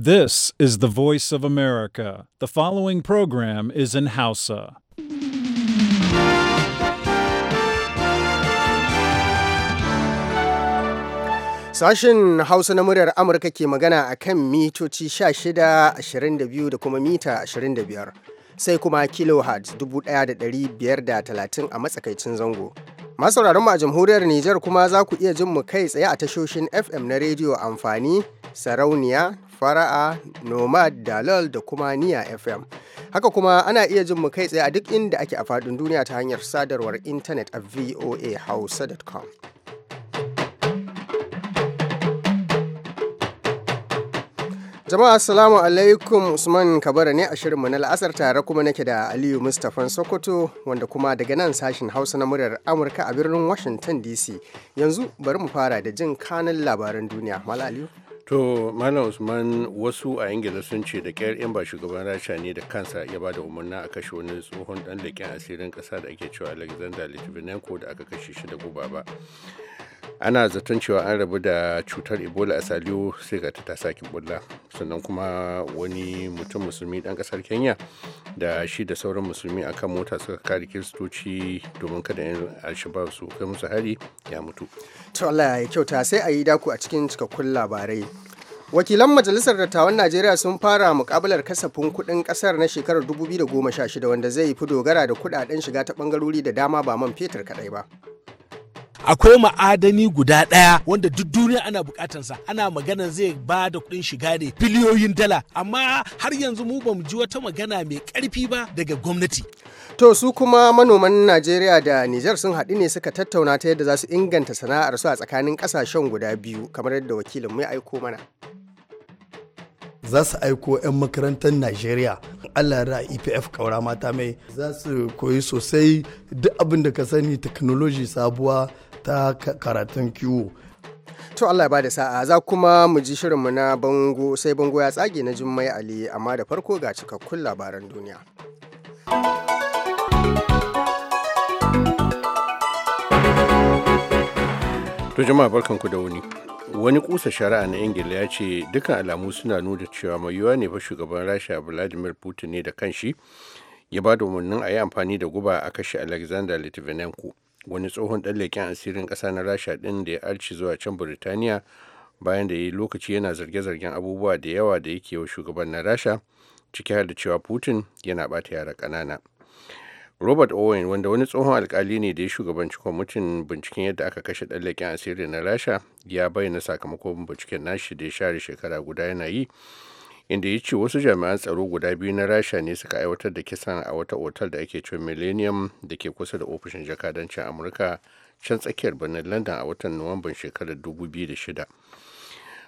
This is the voice of America. The following program is in Hausa. Sashen Hausa na muryar Amurka ke magana a kan mitoci 16, 22 da kuma mita 25, sai kuma kilohertz 1530 a matsakaicin zango. masauraran mu a jamhuriyar Nijar kuma za ku iya jin mu kai tsaye a tashoshin FM na rediyo amfani, sarauniya, fara'a nomad dalal da kuma niya fm haka kuma ana iya jin mu kai tsaye a duk inda ake a faɗin duniya ta hanyar sadarwar intanet a voahausa.com jama'a assalamu alaikum usman kabara ne a shirinmu na la'asar tare kuma nake da aliyu mustapha sokoto wanda kuma daga nan sashen hausa na muryar amurka a birnin washington dc yanzu bari mu fara da jin kanun labaran duniya mala aliyu To Malam Usman wasu a Ingila sun ce da kyar yan ba shugaban Rasha ne da kansa ya ba da umarna a kashe wani tsohon dan leƙen asirin ƙasa da ake cewa Alexander Litvinenko da aka kashe shi da guba ba. ana zaton cewa an rabu da cutar ebola a saliyo sai ga ta sake bulla sannan kuma wani mutum musulmi dan kasar kenya da shi da sauran musulmi a kan mota suka kare kiristoci domin kada yan alshabab su kai musu hari ya mutu to Allah ya kyauta sai a yi daku a cikin cikakkun labarai wakilan majalisar dattawan najeriya sun fara mukabalar kasafin kudin kasar na shekarar 2016 wanda zai fi dogara da kudaden shiga ta bangarori da dama ba man fetur kadai ba akwai ma'adani guda ɗaya wanda duk duniya ana bukatansa ana magana zai ba da kuɗin shiga ne biliyoyin dala amma har yanzu mu bamu ji wata magana mai karfi ba daga gwamnati to su kuma manoman najeriya da niger sun haɗu ne suka tattauna ta yadda za su inganta sana'ar su a tsakanin ƙasashen guda biyu kamar yadda wakilin ya aiko mana za su aiko 'yan makarantar najeriya allah ra epf kaura mata mai za su koyi sosai duk abin da ka sani technology sabuwa ta karatun kiwo to Allah ba da sa'a za kuma mu ji shirinmu na bango sai bango ya tsage na jummai ali amma da farko ga cikakkun labaran duniya to jama'a barkanku da wuni wani kusa shari'a na ingila ya ce dukkan alamu suna nuna cewa mai yiwuwa ne fa shugaban rasha vladimir putin ne da kanshi ya ba da umarnin a yi amfani da guba a kashe alexander litvinenko wani tsohon ɗan leƙen asirin ƙasa na rasha ɗin da ya arci zuwa can burtaniya bayan da ya yi lokaci yana zarge-zargen abubuwa da yawa da yake wa shugaban na rasha ciki har da cewa putin yana bata yara kanana robert owen wanda wani tsohon alkali ne da ya shugabanci kwamitin binciken yadda aka kashe ɗallakin asirin na rasha ya bayyana sakamakon binciken nashi da ya share shekara guda yana yi inda ya ce wasu jami'an tsaro guda biyu na rasha ne suka aiwatar da kisan a wata otal da ake cewa millennium da ke kusa da ofishin jakadancin amurka can tsakiyar birnin london a watan nuwamban shekarar 2006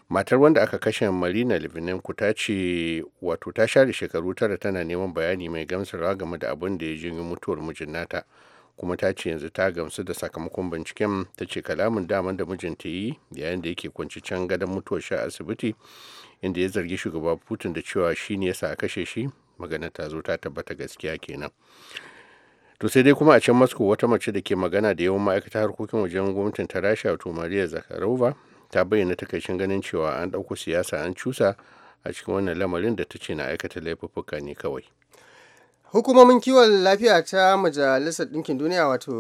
matar wanda aka kashe marina livinenko ta ce wato ta share shekaru tara tana neman bayani mai gamsarwa game da abin da ya janyo mutuwar mijin nata kuma ta ce yanzu ta gamsu da sakamakon binciken ta ce kalamin daman da mijinta yi yayin da yake kwanci can gadon mutuwar sha asibiti inda ya zargi shugaba putin da cewa shi ne yasa a kashe shi magana ta zo ta tabbata gaskiya kenan to sai dai kuma a can moscow wata mace da ke magana da yawan ma'aikata harkokin wajen gwamnatin ta rasha wato maria zakharova ta bayyana takaicin ganin cewa an ɗauko siyasa an cusa a cikin wannan lamarin da ta ce na aikata laifuffuka ne kawai hukumomin kiwon lafiya ta majalisar ɗinkin duniya wato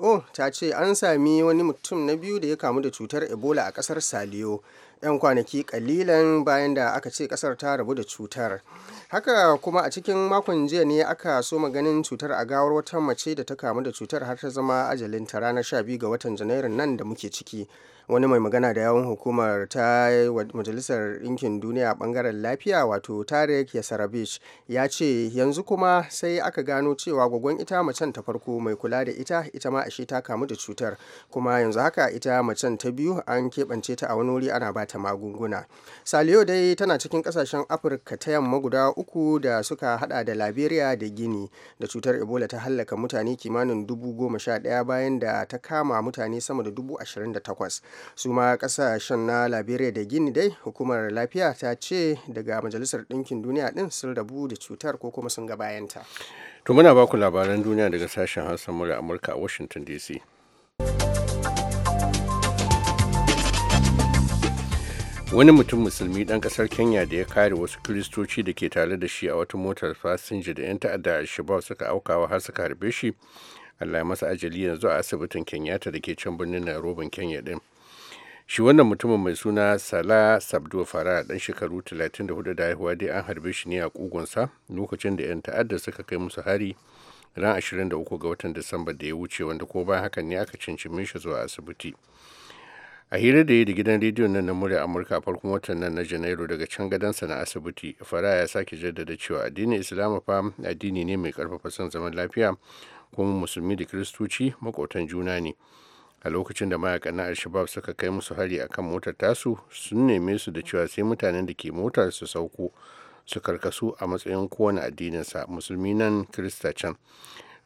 who ta ce an sami wani mutum na biyu da ya kamu da cutar ebola a ƙasar saliyo 'yan kwanaki kalilan bayan da aka ce ƙasar ta rabu da cutar haka kuma a cikin makon jiya ne aka so maganin cutar a gawar wata mace da ta kamu da cutar har ta zama ajalinta ta ranar 12 ga watan janairun nan da muke ciki wani mai magana da yawon hukumar ta majalisar ɗinkin duniya a ɓangaren lafiya wato tarek yasarabish ya ce yanzu kuma sai aka gano cewa gwagwan ita macen ta farko mai kula da ita ita ma ashe ta kamu da cutar kuma yanzu haka ita macen ta biyu an keɓance ta a wani wuri ana ba ta magunguna saliyo dai tana cikin ƙasashen afirka ta yamma guda uku da suka hada da liberia da gini da cutar ebola ta hallaka mutane kimanin dubu goma sha ɗaya bayan da ta kama mutane sama da dubu ashirin da takwas su ma kasashen na liberia da gini dai hukumar lafiya ta ce daga majalisar ɗinkin duniya ɗin sun rabu da cutar ko kuma sun gabayanta to muna baku labaran duniya daga sashen hausa mura amurka a washington dc wani mutum musulmi ɗan ƙasar kenya da ya kare wasu kiristoci da ke tare da shi a wata motar fasinja da 'yan ta'adda shabab suka aukawa har suka harbe shi allah ya masa ajali yanzu a asibitin kenyatta da ke can birnin nairobi kenya ɗin. shi wannan mutumin mai suna sala sabdo fara dan shekaru 34 da haihuwa dai an harbe shi ne a kugunsa lokacin da 'yan ta'adda suka kai musu hari ran 23 ga watan disamba da ya wuce wanda ko bayan hakan ne aka cincin shi zuwa asibiti a hira da yi da gidan rediyon nan na murya amurka a farkon watan nan na janairu daga can gadansa na asibiti fara ya sake jaddada cewa addinin islamu fa addini ne mai karfafa son zaman lafiya kuma musulmi da kiristoci makotan juna ne a lokacin da mayakan na alshabab suka kai musu hari akan motar tasu sun neme su da cewa sai mutanen da ke motar su sauko su karkasu a matsayin kowane addininsa musulmi nan kirista can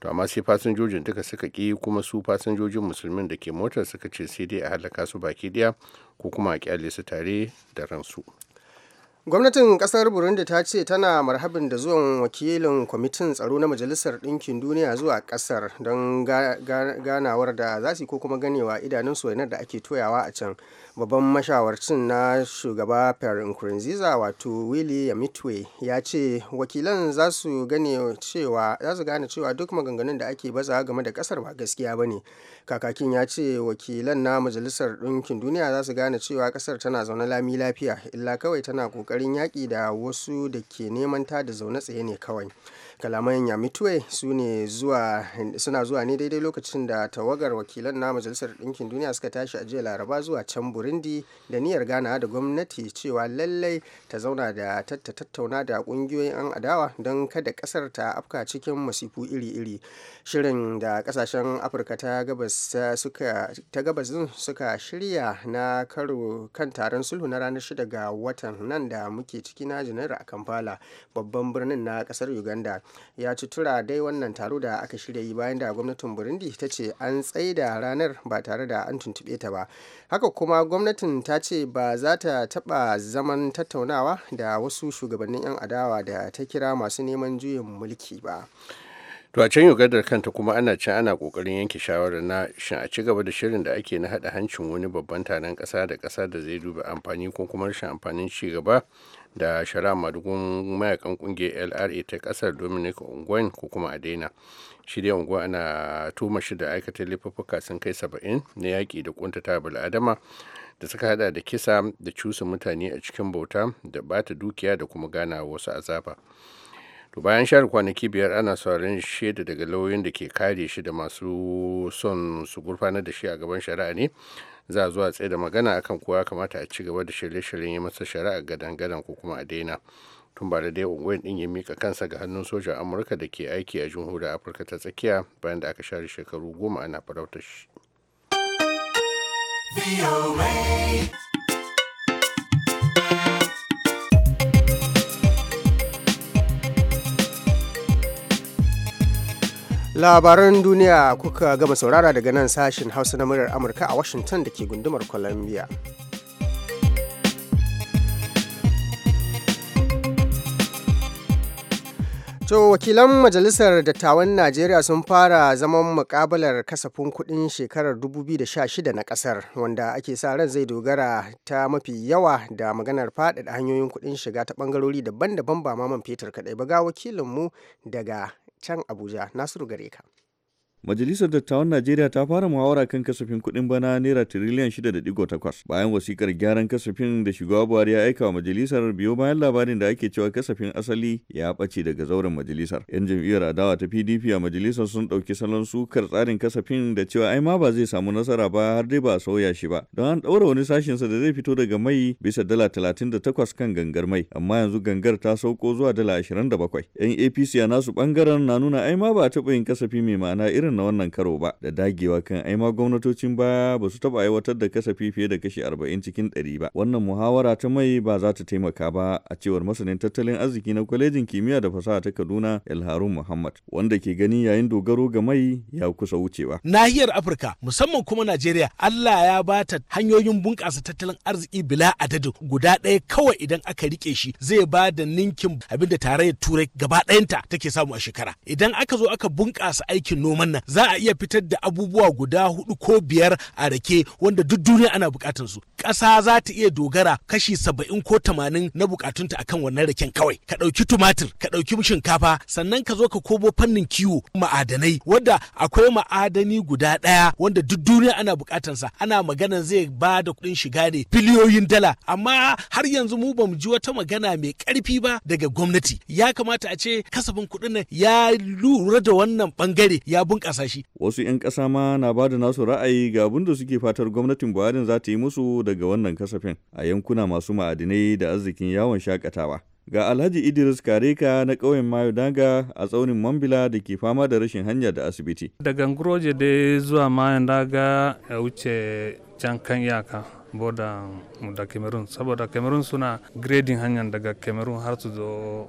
to amma sai fasinjojin duka suka ki kuma su fasinjojin musulmin da ke motar suka ce sai dai a halaka su baki ɗaya ko kuma a kyale su tare da ransu gwamnatin kasar burundi ta ce tana marhabin da zuwan wakilin kwamitin tsaro na majalisar ɗinkin duniya zuwa ƙasar don ganawar da za su ko kuma ganewa idanun soyayyar da ake toyawa a can babban mashawarcin na shugaba pierre nkurunziza wato willy yamitwe ya ce wakilan za su gane cewa za su gane cewa duk maganganun da ake baza game da kasar ba gaskiya ba ne kakakin ya ce wakilan na majalisar ɗinkin duniya za su gane cewa kasar tana zaune lami lafiya illa kawai tana ƙoƙarin yaƙi da wasu da ke neman ta da zaune tsaye ne kawai kalaman yamitwe su zuwa suna zuwa ne daidai lokacin da tawagar wakilan na majalisar ɗinkin duniya suka tashi a jiya laraba zuwa can burundi da niyyar gana da gwamnati cewa lallai ta zauna da tattauna da ƙungiyoyin an adawa don kada ƙasar ta afka cikin masifu iri-iri shirin da ƙasashen afirka ta gabas suka shirya na karo kan taron sulhu na ranar 6 ga watan nan da muke ciki na janairu a kampala babban birnin na ƙasar uganda ya ci tura dai wannan taro da aka shirya yi bayan da gwamnatin burundi ta ce an da ranar ba tare da an tuntuɓe ta ba haka kuma gwamnatin ta ce ba za ta taɓa zaman tattaunawa da wasu shugabannin 'yan adawa da ta kira masu neman juyin mulki ba to a can ugandar kanta kuma ana can ana kokarin yanke shawarar na shin a ci gaba da shirin da ake na hada hancin wani babban taron kasa da kasa da zai duba amfani ko kuma rashin amfanin ci gaba da shara madugun mayakan kungiyar lra ta kasar dominic ongwen ko kuma adena shi dai unguwa ana tuma shi da aikata laifuffuka sun kai saba'in na yaƙi da kuntata bil'adama da suka hada da kisa da cusa mutane a cikin bauta da bata dukiya da kuma gana wasu azaba to bayan share kwanaki biyar ana saurin shaida daga lauyoyin da ke kare shi da masu son su gurfanar da shi a gaban shari'a ne za a zuwa tsaye da magana akan kowa kamata a ci gaba da shirye-shiryen yi masa shari'a gadan-gadan ko kuma a daina tun ba da dai unguwar din ya mika kansa ga hannun sojan amurka da ke aiki a jamhuriyar afirka ta tsakiya bayan da aka share shekaru goma ana farautar shi. labaran duniya kuka gama saurara daga nan sashen hausa na muryar amurka a washington da ke gundumar columbia To wakilan Majalisar Dattawan Najeriya sun fara zaman mukabalar kasafin kuɗin shekarar 2016 na ƙasar wanda ake sa ran zai dogara ta mafi yawa da maganar faɗaɗa hanyoyin kuɗin shiga ta ɓangarori daban-daban ba maman fetur kaɗai ba ga wakilinmu daga can Abuja. Nasiru gare ka. Majalisar Dattawan Najeriya ta fara muhawara kan kasafin kuɗin bana naira tiriliyan 6.8 bayan wasikar gyaran kasafin da shugaba Buhari ya aika wa majalisar biyo bayan labarin da ake cewa kasafin asali ya ɓace daga zauren majalisar. Yan jam'iyyar adawa ta PDP a majalisar sun ɗauki salon sukar tsarin kasafin da cewa ai ma ba zai samu nasara ba har dai ba a sauya shi ba. Don an ɗaura wani sa da zai fito daga mai bisa dala 38 kan gangar mai amma yanzu gangar ta sauko zuwa dala 27. Yan APC a nasu ɓangaren na nuna ai ma ba a taɓa yin kasafi mai ma'ana irin na wannan karo ba da dagewa kan ai ma gwamnatocin baya ba su taɓa aiwatar da kasafi fiye da kashi 40 cikin 100 ba. Wannan muhawara ta mai ba za ta taimaka ba a cewar masanin tattalin arziki na kwalejin kimiyya da fasaha ta Kaduna El Muhammad wanda ke gani yayin dogaro ga mai ya kusa wucewa. Nahiyar Afirka musamman kuma Najeriya Allah ya ba ta hanyoyin bunƙasa tattalin arziki bila adadin guda ɗaya kawai idan aka rike shi zai ba da ninkin abinda tarayyar turai gaba ɗayanta take samu a shekara idan aka zo aka bunƙasa aikin noman nan za a iya fitar da abubuwa guda hudu ko biyar a rake wanda duk duniya ana bukatun su ƙasa za ta iya dogara kashi saba'in ko tamanin na bukatunta akan wannan raken kawai ka ɗauki tumatir ka ɗauki shinkafa sannan ka zo ka kobo fannin kiwo ma'adanai wanda akwai ma'adani guda ɗaya wanda duk duniya ana sa ana magana zai ba da kuɗin shiga ne biliyoyin dala amma har yanzu mu bamu ji wata magana mai ƙarfi ba daga gwamnati ya kamata a ce kasafin kuɗin nan ya lura da wannan bangare ya bunƙasa kasashe. Wasu 'yan ƙasa ma na ba da nasu ra'ayi ga abin da suke fatar gwamnatin Buhari za ta yi musu daga wannan kasafin a yankuna masu ma'adinai da arzikin yawon shakatawa. Ga Alhaji Idris Kareka na ƙauyen Mayodanga a tsaunin Mambila da ke fama da rashin hanya da asibiti. Daga Ngroje dai zuwa Mayodanga ya wuce can kan iyaka. boda da cameroon saboda cameroon suna grading hanyar daga cameroon har su zo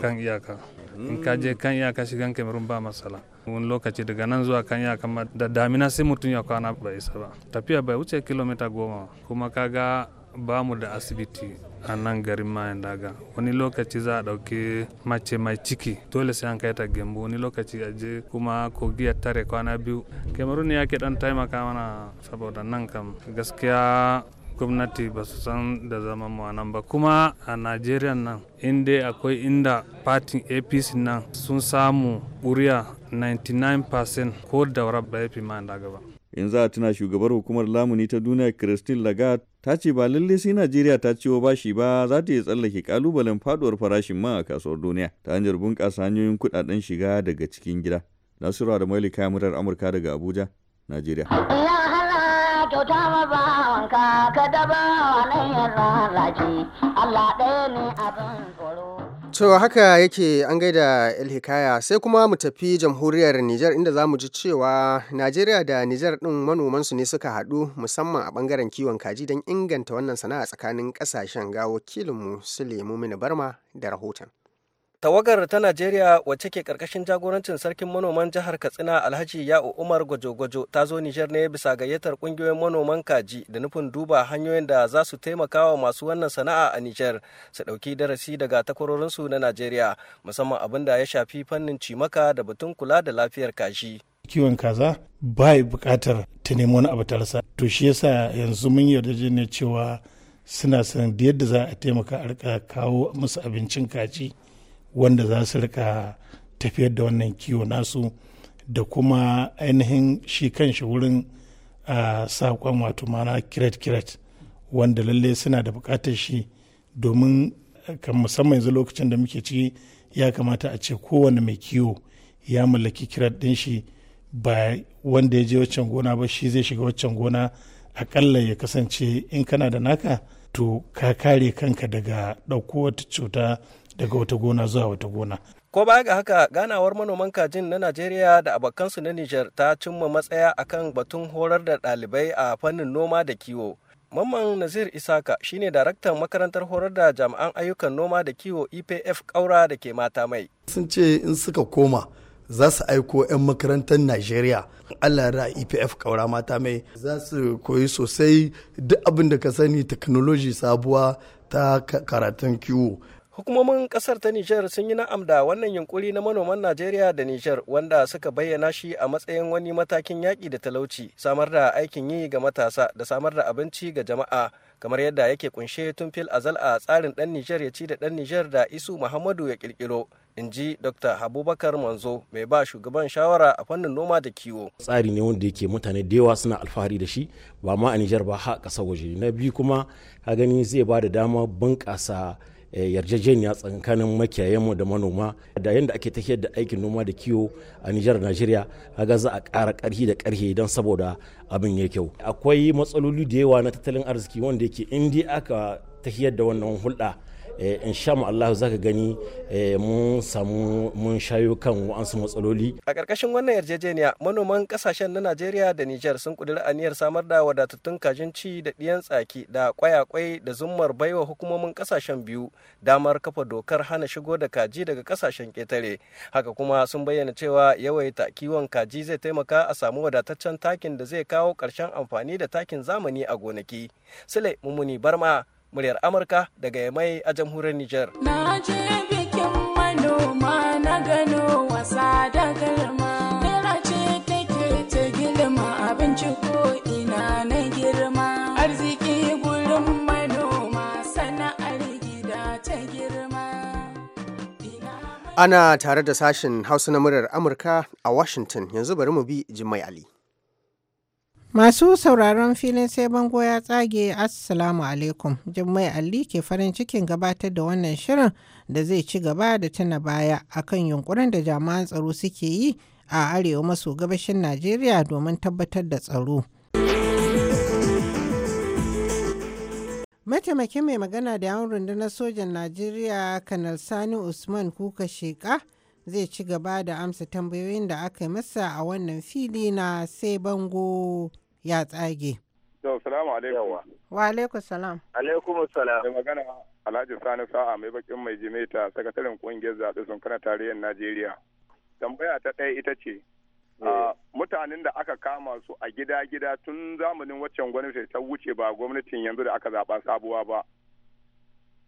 kan iyaka in ka je kan iyaka shigan cameroon ba matsala wani lokaci daga nan zuwa kanya kama da damina sai mutum ya kwana bai isa ba tafiya bai wuce kilomita goma kuma kaga ba mu da asibiti a nan garin mayan daga wani lokaci za a ɗauki mace mai ciki dole sai an kai ta gembu wani lokaci a je kuma kogi tare kwana biyu cameroon ya ke dan taimaka mana saboda nan kam gaskiya gwamnati ba su san da zama mu a nan ba kuma a najeriya nan inda akwai inda fatin apc nan sun samu ƙuri'a 99% ko daura ba ya fi ma da gaba in za a tuna shugabar hukumar lamuni ta duniya christine lagarde ta ce ba lalle sai najeriya ta ciwo bashi ba za ta iya tsallake kalubalen faduwar farashin man a kasuwar duniya ta hanyar bunƙasa hanyoyin kuɗaɗen shiga daga cikin gida nasiru da maili kayan murar amurka daga abuja najeriya Allah ɗaya ne abin tsoro. To haka yake an gaida hikaya sai kuma mu tafi jamhuriyar Nijar inda zamu ji cewa Najeriya da Nijar ɗin manomansu ne suka haɗu musamman a ɓangaren kiwon kaji don inganta wannan sana'a tsakanin ƙasashen ga wakilinmu su lemu Mini Barma da rahoton. tawagar ta najeriya wacce ke karkashin jagorancin sarkin manoman jihar katsina alhaji ya'u umar gwajo-gwajo ta zo nijar ne bisa gayyatar kungiyoyin manoman kaji da nufin duba hanyoyin da za su taimaka wa masu wannan sana'a a nijar su ɗauki darasi daga takwarorinsu na najeriya musamman abin da ya shafi fannin cimaka da batun kula da lafiyar kaji kiwon kaza bai bukatar ta nemi wani abu ta rasa to shi yasa yanzu mun yarda ne cewa suna san da yadda za a taimaka a kawo musu abincin kaji wanda za su rika tafiyar da wannan kiwo nasu da kuma ainihin shi kan shi wurin saƙon wato mana kiret-kiret wanda lalle suna da buƙatar shi domin kan musamman yanzu lokacin da muke ciki ya kamata a ce kowane mai kiwo ya mallaki kiret ɗin shi ba wanda ya je waccan gona ba shi zai shiga waccan gona akalla ya kasance in kana da naka to ka kare kanka daga ɗauko wata cuta daga wata gona zuwa wata gona ko baya ga haka ganawar manoman kajin na najeriya da abokansu na nijar ta cimma matsaya akan batun horar da ɗalibai a fannin noma da kiwo Mamman Nazir Isaka shine daraktan makarantar horar da jami'an ayyukan noma da kiwo EPF Kaura da ke mata mai. Sun ce in suka koma za su aiko 'yan makarantar Najeriya. Allah ra EPF Kaura mata mai za su koyi sosai duk abin da ka sani technology sabuwa ta karatun kiwo. Hukumomin kasar ta Nijar sun yi na'am da wannan yunkuri na manoman Najeriya da Nijar wanda suka bayyana shi a matsayin wani matakin yaƙi da talauci, samar da aikin yi ga matasa da samar da abinci ga jama'a. kamar yadda yake kunshe tun fil azal a tsarin dan Nijar ya ci da dan Nijar da Isu Muhammadu ya kirkiro in ji Dr. Abubakar Manzo mai ba shugaban shawara a fannin noma da kiwo. Tsari ne wanda yake mutane da yawa suna alfahari da shi ba ma a Nijar ba ha ƙasa waje. Na biyu kuma ka gani zai ba da dama bunƙasa Eh, yarjejeniya tsakanin makiyayenmu da manoma da yadda ake tafiyar da aikin noma da kiwo a Nijar Najeriya haga za a kara ƙarfi da ƙarfi don saboda abin ya kyau akwai matsaloli da yawa na tattalin arziki wanda yake in aka tafiyar da wannan hulɗa Eh, in sha mu Allah za ka gani eh, mun samu mun shayo kan wa'ansu matsaloli. A ƙarƙashin wannan yarjejeniya manoman ƙasashen na Najeriya da Nijar sun ƙudiri aniyar samar da wadatattun kajin ci da ɗiyan tsaki da ƙwayaƙwai da zummar baiwa hukumomin ƙasashen biyu damar kafa dokar hana shigo da kaji daga ƙasashen ƙetare. Haka kuma sun bayyana cewa yawaita kiwon kaji zai taimaka a samu wadataccen takin da zai kawo ƙarshen amfani da takin zamani a gonaki. Sule Mumuni Barma muryar amurka daga yamai a jamhuriyar Nijar. na je bikin manoma na gano wa da galma naira ce take ta girma, abinci ko'ina na girma arziki gurin manoma sana'ar gida ta girma ana tare da sashen hausa na muryar amurka a washington yanzu bari mu bi jimai ali Masu sauraron filin sai bango ya tsage Assalamu alaikum. Jummai Ali ke farin cikin gabatar da wannan shirin da zai ci gaba da tuna baya a kan yunkurin da jama'an tsaro suke yi a arewa maso gabashin Najeriya domin tabbatar da tsaro. Mataimakin mai magana da yawon rundunar sojan Najeriya Kanal Sani Usman Kuka Sheka zai ci gaba da amsa tambayoyin da aka masa a wannan fili na sai bango ya tsage. Salamu alaikum. Wa alaikum salam. Alaikum salam. Da magana Alhaji Sani Sa'a mai bakin mai jimeta sakataren ƙungiyar zaɓe sun kana tarihin Najeriya. Tambaya ta ɗaya ita ce, eh. mutanen da aka kama su a gida-gida tun zamanin waccan gwamnati ta wuce ba gwamnatin yanzu da aka zaɓa sabuwa ba.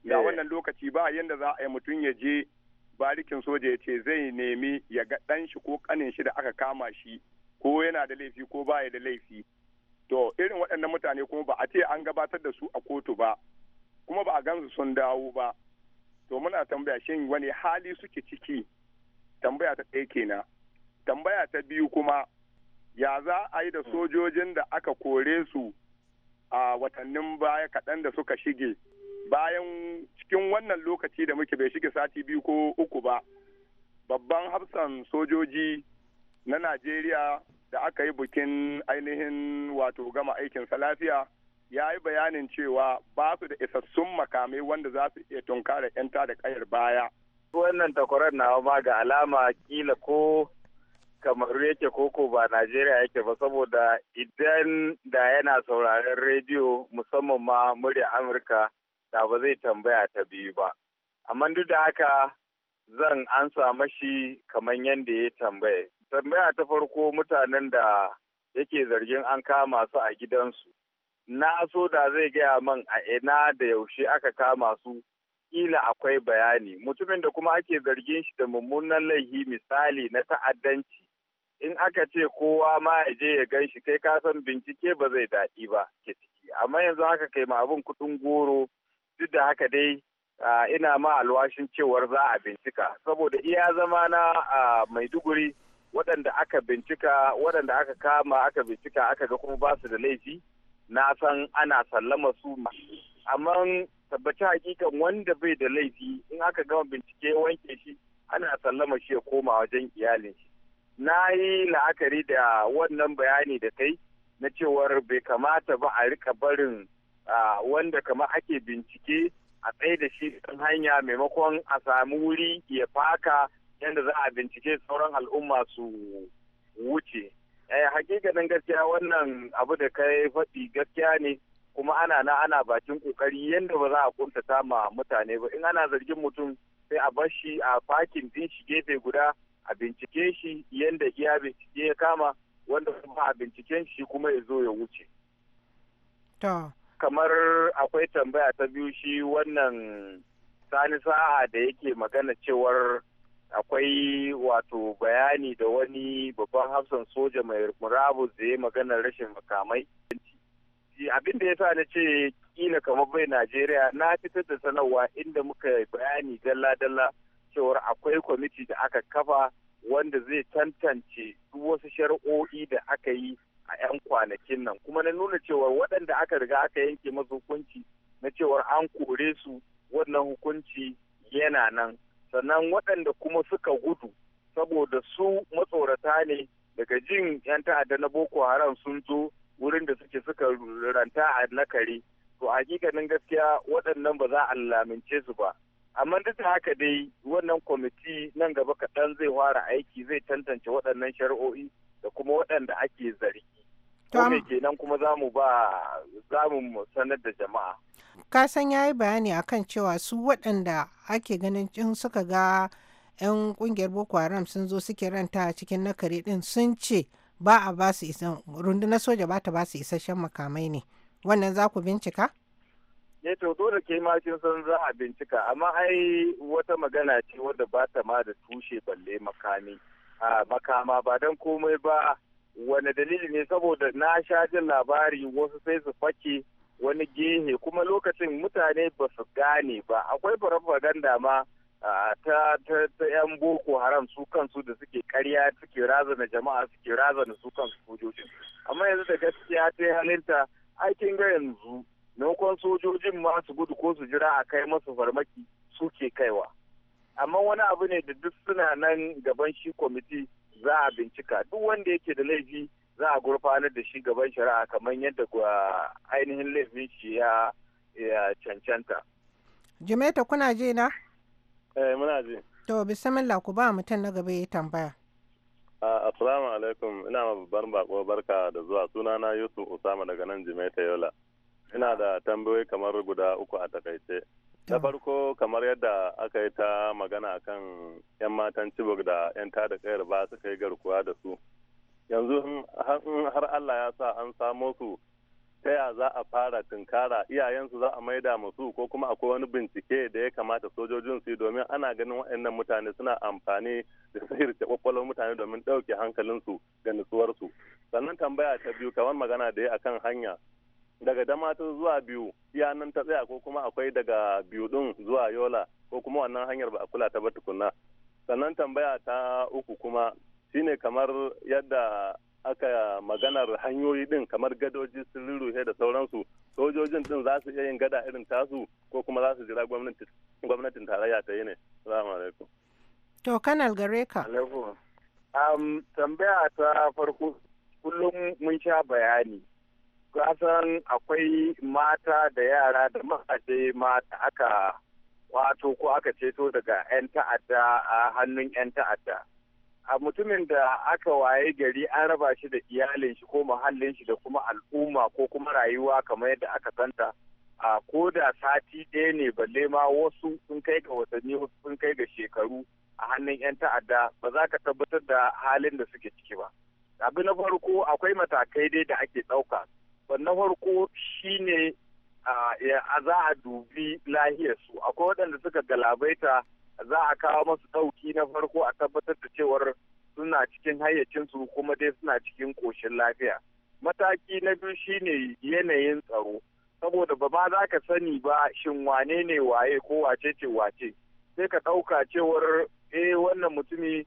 Da eh. wannan lokaci ba yadda za a yi mutum ya je barikin soja ya ce zai nemi ya ga ɗan shi ko ƙanin shi da aka kama shi ko yana da laifi ko baya da laifi to irin waɗannan mutane kuma ba a ce an gabatar da su a kotu ba kuma ba a gansu sun dawo ba to muna tambaya shin wani hali suke ciki tambaya ta ɗaya kenan tambaya ta biyu kuma ya za a yi da hmm. sojojin da aka kore su a watannin baya kaɗan da suka shige bayan cikin wannan lokaci da muke bai shige sati biyu ko uku ba babban hafsan sojoji na najeriya da aka yi bikin ainihin wato gama aikinsa lafiya ya yi bayanin cewa ba su da isassun makamai wanda za su iya tunkara 'yan da kayar baya. wannan takwarar na ma ga alama kila ko kamar yake koko ba najeriya yake ba saboda idan da yana sauraren rediyo musamman ma murya amurka da ba zai tambaya ta biyu ba amma duk da haka zan ansa mashi kamar yadda ya tambaya tambaya ta farko mutanen da yake zargin an kama su a gidansu na so da zai gaya man a ina da yaushe aka kama su kila akwai bayani mutumin da kuma ake zargin shi da mummunan laihi misali na ta'addanci in aka ce kowa ma ya je ya gan shi kai ka san bincike ba zai daɗi ba ke ciki amma yanzu haka kai ma abin kuɗin goro duk da haka dai ina ma alwashin cewar za a bincika saboda iya zama na maiduguri waɗanda aka bincika waɗanda aka kama aka bincika aka ga kuma basu da laifi na san ana sallama su amma tabbaci hakikan wanda bai da laifi in aka gama bincike wanke shi ana sallama shi ya koma wajen iyalin shi na yi la'akari da wannan bayani da kai na cewar bai kamata ba a rika barin wanda kamar ake bincike a tsaye da shi kan hanya maimakon a sami wuri ya faka yadda za a bincike sauran al'umma su wuce. Eh, hakikanin gaskiya wannan abu da kai faɗi gaskiya ne kuma ana na ana bakin ƙoƙari yadda ba za a kuntata ma mutane ba in ana zargin mutum sai a bar shi a fakin din shi gefe guda a bincike shi yadda iya bincike ya kama wanda kuma a binciken shi kuma ya zo ya wuce. kamar akwai tambaya ta biyu shi wannan sani sa'a da yake magana cewar akwai wato bayani da wani babban hafsan soja mai murabus da ya magana rashin makamai abin da ya sa na ce kila kamar bai najeriya na fitar da sanarwa inda muka bayani dalla-dalla cewar akwai kwamiti da aka kafa wanda zai tantance duk wasu shari'o'i da aka yi a 'yan kwanakin nan kuma na nuna cewa waɗanda aka riga aka yanke masu hukunci na cewar an kore su wannan hukunci yana nan sannan waɗanda kuma suka gudu saboda su matsorata ne daga jin 'yan ta'adda na boko haram sun zo wurin da suke suka ranta a nakare to hakikanin gaskiya waɗannan ba za a lamince su ba amma duk da haka dai wannan kwamiti nan gaba kaɗan zai fara aiki zai tantance waɗannan shari'o'i da kuma waɗanda ake zargi kome kenan kuma za mu ba za mu sanar da jama'a ka san ya yi bayani akan cewa su waɗanda ake ganin in suka ga 'yan ƙungiyar boko haram sun zo suke ranta a cikin nakare din sun ce ba a ba su isan rundunar soja ba ta ba su isasshen makamai ne wannan za ku bincika ne eh to dole ke ma kin san za a bincika amma ai wata magana ce wadda ba ta ma da tushe balle makami makama ba don komai ba wani dalili ne saboda na sha jin labari wasu sai su fake wani gehe kuma lokacin mutane ba su gane ba akwai farfaganda ma ta ta yan boko haram su kansu da suke karya suke razana jama'a suke razana su kansu sojojin amma yanzu da gaskiya ta halinta aikin ga yanzu nokon sojojin ma su gudu ko su jira a kai masu farmaki suke kaiwa amma wani abu ne da duk suna nan gaban shi kwamiti za a bincika duk wanda yake da laifi za a gurfanar da shi gaban shari'a kamar yadda ainihin laifin shi ya cancanta. jimaita kuna je na? Eh muna je. To bismillah ku ba mutum na gaba ya tambaya. Ah, assalamu alaikum ina ma babban bako barka da zuwa sunana Yusuf Usama daga nan jimaita Yola. Ina da tambayoyi kamar guda uku a takaice. na farko kamar yadda aka yi ta magana kan 'yan matan cibok da 'yan tada kayar ba suka yi garkuwa da su yanzu har allah ya sa an samo su ta ya za a fara tunkara iyayensu za a maida musu ko kuma akwai wani bincike da ya kamata sojojin su domin ana ganin waɗannan mutane suna amfani da sihirce kwakwalwar mutane domin ɗauke hankalinsu ga nutsuwarsu sannan tambaya ta biyu kamar magana da ya akan hanya daga damatar zuwa biyu iya nan ta tsaya ko kuma akwai daga biyu din zuwa yola ko kuma wannan hanyar ba a kula ta ba tukunna sannan tambaya ta uku kuma shine kamar yadda aka maganar hanyoyi din kamar gadoji sun rurrufe da sauransu sojojin din za su iya yin gada irin tasu ko kuma za su jira gwamnatin tarayya ta yi ne salamu alaikum to kanal gare ka tambaya ta farko kullum mun sha bayani gasan akwai mata da yara da mazaje ma aka wato ko aka ceto daga 'yan ta'adda a hannun 'yan ta'adda a mutumin da aka waye gari an raba shi da iyalin shi ko muhallin shi da kuma al'umma ko kuma rayuwa kamar yadda aka santa a ko da sati ɗaya ne balle ma wasu sun kai ga watanni wasu sun kai ga shekaru a hannun 'yan ta'adda ba za ka tabbatar da halin da suke ciki ba abu na farko akwai matakai dai da ake ɗauka na farko shine a za a dubi lahiyarsu akwai waɗanda suka galabaita za a kawo masu ɗauki na farko a tabbatar da cewar suna cikin hayyacinsu kuma dai suna cikin ƙoshin lafiya mataki na biyu shine yanayin tsaro saboda ba ma za ka sani ba shin wane ne waye ko wace ce wace sai ka ɗauka cewar eh wannan mutumi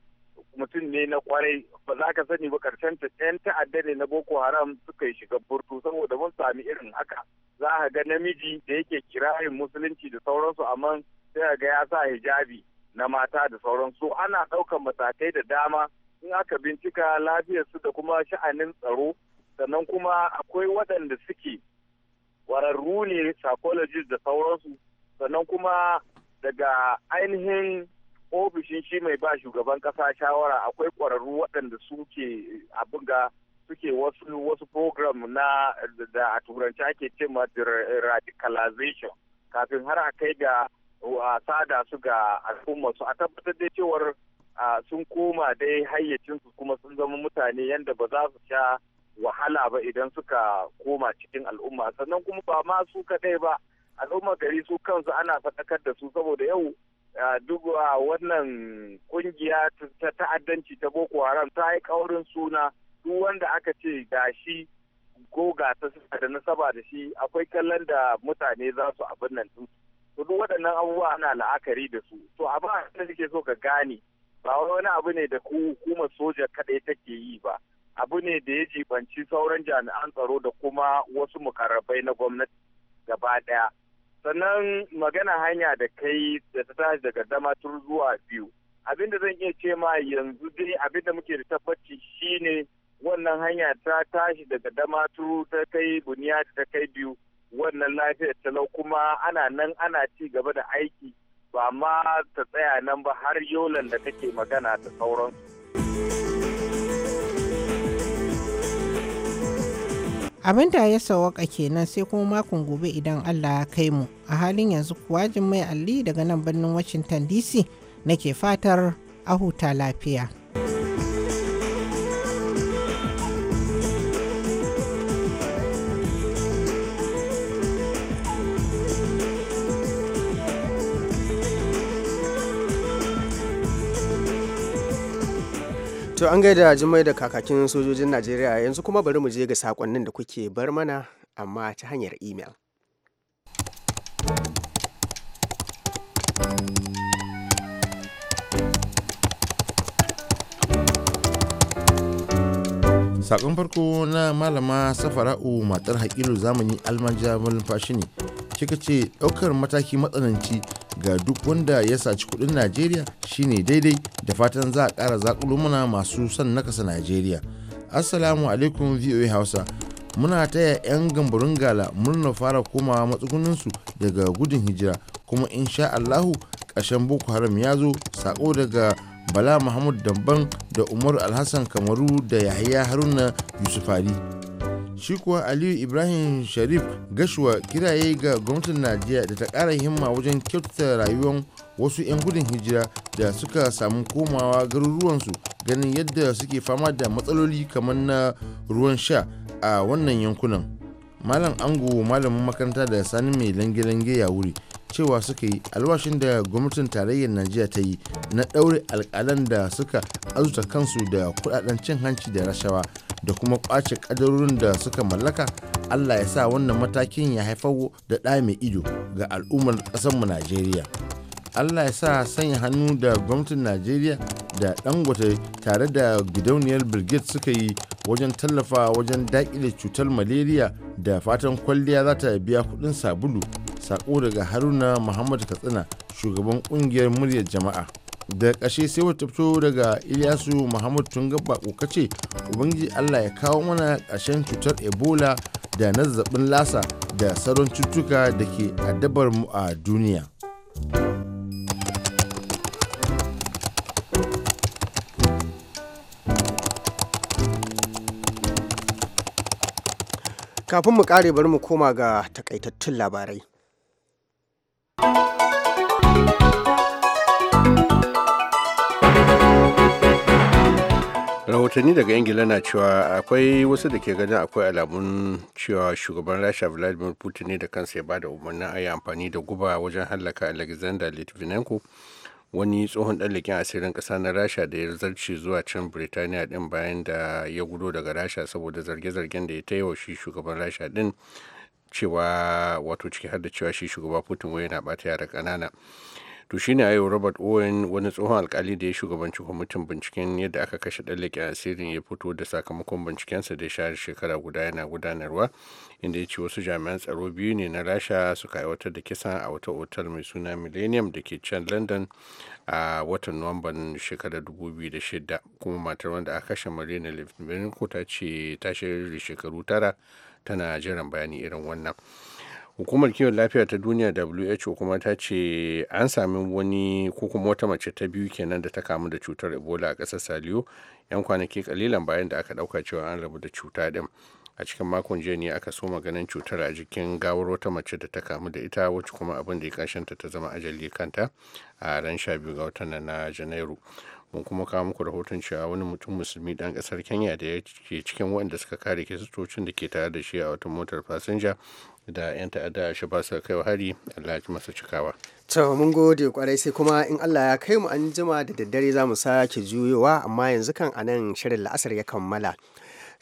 mutum ne na kwarai ba za ka sani ba karshen ta yan ta'adda ne na boko haram suka yi shiga burtu saboda mun sami irin haka za a ga namiji da yake kirayin musulunci da sauransu amma sai ga ya sa hijabi na mata da sauransu ana ɗaukan matakai da dama in aka bincika lafiyarsu da kuma sha'anin tsaro sannan kuma akwai waɗanda suke wararru ne psychologist da sauransu sannan kuma daga ainihin ofishin shi mai ba shugaban kasa shawara akwai kwararru waɗanda suke abin ga suke wasu wasu program na da a turanci ake ce ma radicalization kafin har a kai ga sada su ga al'umma su a tabbatar da cewar sun koma dai hayyacinsu kuma sun zama mutane yadda ba za su sha wahala ba idan suka koma cikin al'umma sannan kuma ba ma su kaɗai ba al'umma gari su kansu ana faɗakar da su saboda yau duk wannan kungiya ta ta'addanci ta boko haram ta yi kaurin suna duk wanda aka ce gashi ko gasa suna da nasaba da shi akwai kallon da mutane za su abin nan su to duk waɗannan abubuwa ana la'akari da su to abin da suke so ka gane ba wani abu ne da hukumar soja kaɗai take yi ba abu ne da ya jibanci sauran jami'an tsaro da kuma wasu mukarrabai na gwamnati gaba ɗaya sannan magana hanya da kai da ta tashi daga dama zuwa biyu abin da zan iya ce ma yanzu dai abin da muke da tabbaci shine wannan hanya ta tashi daga damaturu ta kai buniya ta kai biyu wannan lafiyar talau kuma ana nan ana ci gaba da aiki ba ma ta tsaya nan ba har yolan da take magana da sauransu abin da ya sawaka kenan sai kuma makon gobe idan allah ya kai mu a halin yanzu kuwa jin mai alli daga nan birnin washington dc nake fatar a huta lafiya To an gaida jimai da kakakin sojojin Najeriya yanzu kuma bari mu je ga sakonnin da kuke bar mana amma ta hanyar imel. sakon farko na malama safara'u matar haƙilu zamani almanja fashi ne kika ce ɗaukar mataki matsananci ga duk wanda ya saci kuɗin najeriya shine daidai da fatan za a ƙara zaƙulu mana masu son nakasa najeriya assalamu alaikum voa hausa muna taya 'yan gambarin gala murna fara komawa matsugunansu daga gudun hijira kuma insha allahu ƙarshen boko haram ya zo sako daga bala mahmud damban da umar alhassan kamaru da yahaya haruna yusufari shi kuwa aliyu ibrahim sharif gashuwa kiraye ga gwamnatin najeriya da ta kara himma wajen kyautata rayuwar wasu 'yan gudun hijira da suka samu komawa garuruwansu ganin yadda suke fama da matsaloli kamar na ruwan sha a wannan yankunan malam ango malamin makaranta da sani mai lange-lange ya wuri cewa suka yi alwashin da gwamnatin tarayyar najeriya ta yi na ɗaure alƙalan da suka azuta kansu da kudaden cin hanci da rashawa da kuma ƙwace ƙadarorin da suka mallaka allah ya sa wannan matakin ya haifar da ɗa mai ido ga al'ummar ƙasarmu najeriya allah ya sa sanya hannu da gwamnatin najeriya da dangote tare da gidauniyar birgit suka yi wajen tallafa wajen daƙile cutar malaria da fatan kwalliya za ta biya kuɗin sabulu sako daga haruna muhammad katsina shugaban kungiyar muryar jama'a da ƙashe sai wata fito daga ilyasu muhammad tun tunga bako kace ubangiji allah ya kawo mana ƙashen cutar ebola da nazzabin lasa da sauran cututtuka da ke addabar mu a duniya kafin mu kare bari mu koma ga takaitattun labarai rahotanni daga ingila na cewa akwai wasu da ke ganin akwai alamun cewa shugaban rasha vladimir putin ne da kansa ya bada umarnin a yi amfani da guba wajen hallaka alexander litvinenko wani tsohon ɗalikin asirin ƙasa na rasha da ya zarce zuwa can birtaniya din bayan da ya gudo daga rasha saboda zarge-zargen da ya ta yi wa shi shugaban rasha ɗin cewa wato ciki har da cewa shi shugaba putin wai yana bata yara ƙanana to shi ne ayo robert owen wani tsohon alkali da ya shugabanci kwamitin binciken yadda aka kashe ɗallake asirin ya fito da sakamakon bincikensa da ya share shekara guda yana gudanarwa inda ya ce wasu jami'an tsaro biyu ne na rasha suka aiwatar da kisan a wata otal mai suna millennium da ke can london a watan nuwamban shekarar 2006 kuma matar wanda aka kashe marina levinko ta ce ta shekaru tara tana jiran bayani irin wannan hukumar kiwon lafiya ta duniya who kuma ta ce an sami wani ko kuma wata mace ta biyu kenan da ta kamu da cutar ebola a ƙasar saliyo yan kwanaki kalilan bayan da aka ɗauka cewa an rabu da cuta ɗin a cikin makon jiya ne aka so maganin cutar a jikin gawar wata mace da ta kamu da ita wacce kuma abin da ya ta zama ajali kanta a ran sha biyu ga watan na janairu mun kuma kawo muku rahoton cewa wani mutum musulmi dan kasar kenya da ya ke cikin waɗanda suka kare kiristocin da ke tare da shi a wata motar fasinja da 'yan ta'adda a ba su kai hari allah ya masa cikawa to mun gode kwarai sai kuma in allah ya kai mu an jima da daddare za mu sake juyowa amma yanzu kan anan shirin la'asar ya kammala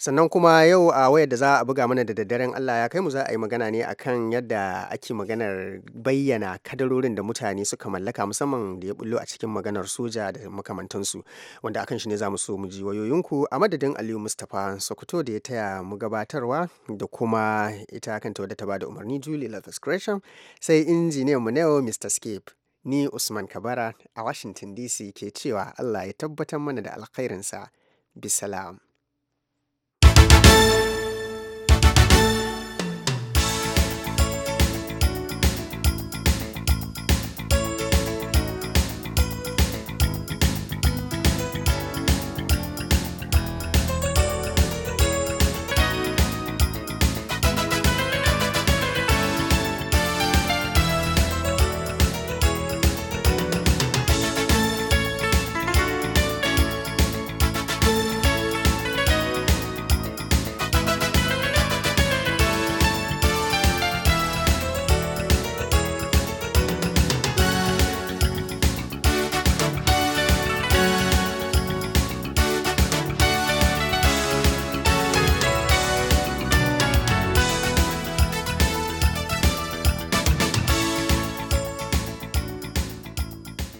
sannan kuma yau a wayar da za a buga mana da daddaren Allah ya kai mu za a yi magana ne akan yadda ake maganar bayyana kadarorin da mutane suka mallaka musamman da ya bullo a cikin maganar soja da makamantansu wanda akan shi ne za mu so mu ji wayoyinku a madadin Aliyu Mustapha Sokoto da ya taya mu gabatarwa da kuma ita kanta wadda ta bada umarni Julie Lafis Gresham sai injiniyan mu Neo Mr. Skip ni Usman Kabara a Washington DC ke cewa Allah ya tabbatar mana da alkhairinsa bisalam.